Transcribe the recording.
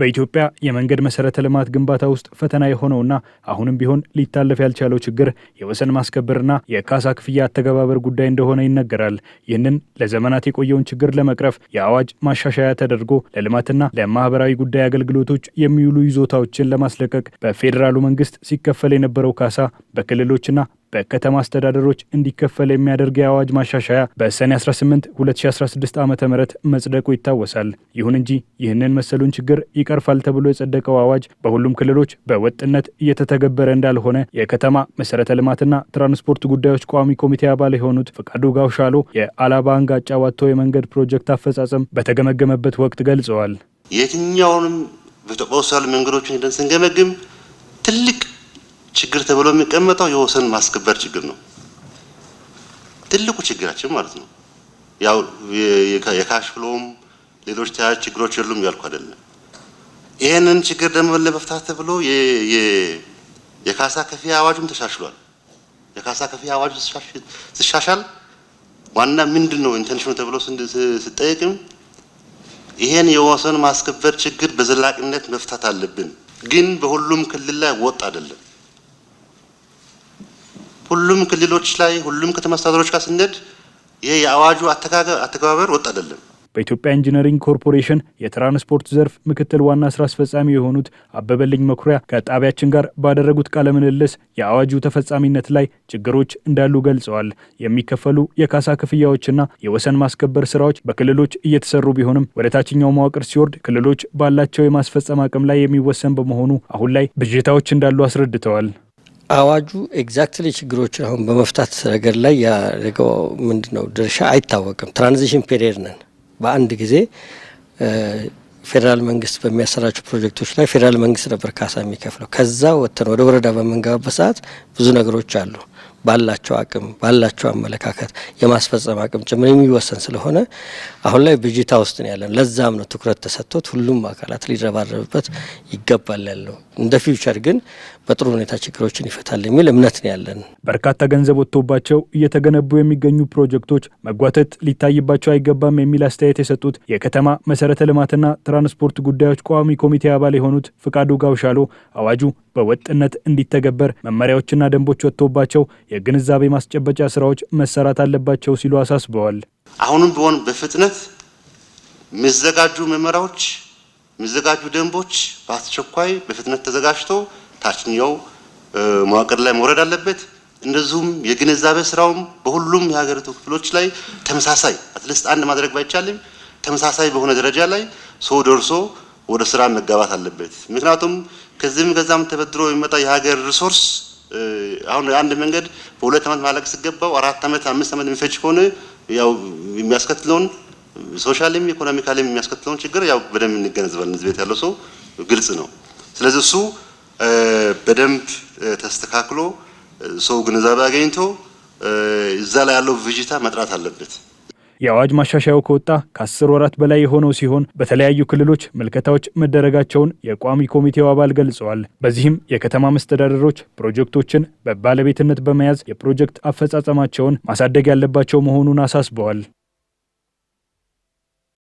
በኢትዮጵያ የመንገድ መሰረተ ልማት ግንባታ ውስጥ ፈተና የሆነውና አሁንም ቢሆን ሊታለፍ ያልቻለው ችግር የወሰን ማስከበርና የካሳ ክፍያ አተገባበር ጉዳይ እንደሆነ ይነገራል። ይህንን ለዘመናት የቆየውን ችግር ለመቅረፍ የአዋጅ ማሻሻያ ተደርጎ ለልማትና ለማህበራዊ ጉዳይ አገልግሎቶች የሚውሉ ይዞታዎችን ለማስለቀቅ በፌዴራሉ መንግስት ሲከፈል የነበረው ካሳ በክልሎችና በከተማ አስተዳደሮች እንዲከፈል የሚያደርግ የአዋጅ ማሻሻያ በሰኔ 18 2016 ዓ ም መጽደቁ ይታወሳል። ይሁን እንጂ ይህንን መሰሉን ችግር ይቀርፋል ተብሎ የጸደቀው አዋጅ በሁሉም ክልሎች በወጥነት እየተተገበረ እንዳልሆነ የከተማ መሰረተ ልማትና ትራንስፖርት ጉዳዮች ቋሚ ኮሚቴ አባል የሆኑት ፍቃዱ ጋውሻሎ የአላባ አንጋጫ ዋቶ የመንገድ ፕሮጀክት አፈጻጸም በተገመገመበት ወቅት ገልጸዋል። የትኛውንም በኢትዮጵያ ውስጥ ያሉ መንገዶችን ሄደን ስንገመግም ትልቅ ችግር ተብሎ የሚቀመጠው የወሰን ማስከበር ችግር ነው፣ ትልቁ ችግራችን ማለት ነው። ያው የካሽ ፍሎም ሌሎች ተያያዥ ችግሮች የሉም ያልኩ አይደለም። ይህንን ችግር ደግሞ ለመፍታት ተብሎ የካሳ ክፍያ አዋጁም ተሻሽሏል። የካሳ ክፍያ አዋጁ ሲሻሻል ዋና ምንድን ነው ኢንቴንሽኑ ተብሎ ስጠይቅም ይሄን የወሰን ማስከበር ችግር በዘላቂነት መፍታት አለብን፣ ግን በሁሉም ክልል ላይ ወጥ አይደለም። ሁሉም ክልሎች ላይ ሁሉም ከተማ አስተዳደሮች ጋር ስንሄድ ይህ የአዋጁ አተገባበር ወጥ አይደለም። በኢትዮጵያ ኢንጂነሪንግ ኮርፖሬሽን የትራንስፖርት ዘርፍ ምክትል ዋና ስራ አስፈጻሚ የሆኑት አበበልኝ መኩሪያ ከጣቢያችን ጋር ባደረጉት ቃለ ምልልስ የአዋጁ ተፈጻሚነት ላይ ችግሮች እንዳሉ ገልጸዋል። የሚከፈሉ የካሳ ክፍያዎችና የወሰን ማስከበር ስራዎች በክልሎች እየተሰሩ ቢሆንም ወደ ታችኛው መዋቅር ሲወርድ ክልሎች ባላቸው የማስፈጸም አቅም ላይ የሚወሰን በመሆኑ አሁን ላይ ብዥታዎች እንዳሉ አስረድተዋል። አዋጁ ኤግዛክትሊ ችግሮችን አሁን በመፍታት ነገር ላይ ያደረገው ምንድነው ድርሻ አይታወቅም። ትራንዚሽን ፔሪየድ ነን። በአንድ ጊዜ ፌዴራል መንግስት በሚያሰራቸው ፕሮጀክቶች ላይ ፌዴራል መንግስት ነበር ካሳ የሚከፍለው። ከዛ ወጥተን ወደ ወረዳ በምንገባበት ሰዓት ብዙ ነገሮች አሉ። ባላቸው አቅም ባላቸው አመለካከት የማስፈጸም አቅም ጭምር የሚወሰን ስለሆነ አሁን ላይ ብጅታ ውስጥ ነው ያለን። ለዛም ነው ትኩረት ተሰጥቶት ሁሉም አካላት ሊረባረብበት ይገባል ያለው። እንደ ፊውቸር ግን በጥሩ ሁኔታ ችግሮችን ይፈታል የሚል እምነት ነው ያለን። በርካታ ገንዘብ ወጥቶባቸው እየተገነቡ የሚገኙ ፕሮጀክቶች መጓተት ሊታይባቸው አይገባም የሚል አስተያየት የሰጡት የከተማ መሰረተ ልማትና ትራንስፖርት ጉዳዮች ቋሚ ኮሚቴ አባል የሆኑት ፍቃዱ ጋውሻሎ አዋጁ በወጥነት እንዲተገበር መመሪያዎችና ደንቦች ወጥቶባቸው የግንዛቤ ማስጨበጫ ስራዎች መሰራት አለባቸው ሲሉ አሳስበዋል። አሁንም ቢሆን በፍጥነት የሚዘጋጁ መመሪያዎች፣ የሚዘጋጁ ደንቦች በአስቸኳይ በፍጥነት ተዘጋጅቶ ታችኛው መዋቅር ላይ መውረድ አለበት። እንደዚሁም የግንዛቤ ስራውም በሁሉም የሀገሪቱ ክፍሎች ላይ ተመሳሳይ አትሊስት አንድ ማድረግ ባይቻልም ተመሳሳይ በሆነ ደረጃ ላይ ሰው ደርሶ ወደ ስራ መጋባት አለበት። ምክንያቱም ከዚህም ከዛም ተበድሮ የሚመጣ የሀገር ሪሶርስ አሁን አንድ መንገድ በሁለት ዓመት ማለቅ ሲገባው አራት ዓመት አምስት ዓመት የሚፈጅ ከሆነ ያው የሚያስከትለውን ሶሻልም ኢኮኖሚካልም የሚያስከትለውን ችግር ያው በደንብ እንገነዘባለን። እዚህ ቤት ያለው ሰው ግልጽ ነው። ስለዚህ እሱ በደንብ ተስተካክሎ ሰው ግንዛቤ አገኝቶ እዛ ላይ ያለው ቪጅታ መጥራት አለበት። የአዋጅ ማሻሻያው ከወጣ ከአስር ወራት በላይ የሆነው ሲሆን በተለያዩ ክልሎች ምልከታዎች መደረጋቸውን የቋሚ ኮሚቴው አባል ገልጸዋል። በዚህም የከተማ መስተዳደሮች ፕሮጀክቶችን በባለቤትነት በመያዝ የፕሮጀክት አፈጻጸማቸውን ማሳደግ ያለባቸው መሆኑን አሳስበዋል።